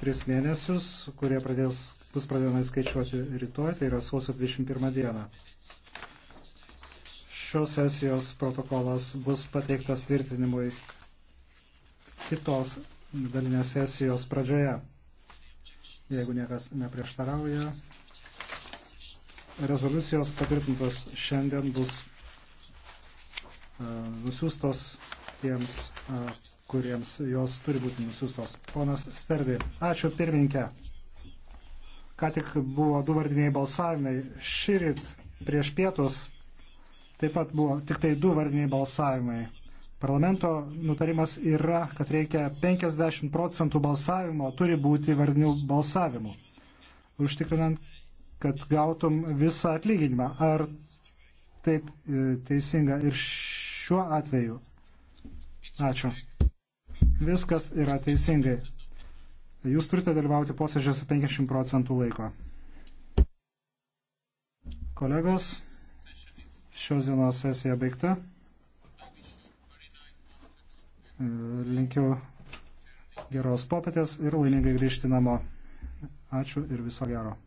tris mėnesius, kurie pradės, bus pradedami skaičiuoti rytoj, tai yra sausio 21 dieną. Šios sesijos protokolas bus pateiktas tvirtinimui kitos dalinės sesijos pradžioje. Jeigu niekas neprieštarauja, rezoliucijos patvirtintos šiandien bus uh, e, nusiūstos tiems uh, kuriems jos turi būti nusiustos. Ponas Sterdi, ačiū pirmininkė. Ką tik buvo du vardiniai balsavimai. Šįryt prieš pietus taip pat buvo tik tai du vardiniai balsavimai. Parlamento nutarimas yra, kad reikia 50 procentų balsavimo turi būti vardinių balsavimų, užtikrinant, kad gautum visą atlyginimą. Ar taip e, teisinga ir šiuo atveju? Ačiū. Viskas yra teisingai. Jūs turite dalyvauti posėdžiuose 50 procentų laiko. Kolegos, šios dienos sesija baigta. Linkiu geros popietės ir laimingai grįžti namo. Ačiū ir viso gero.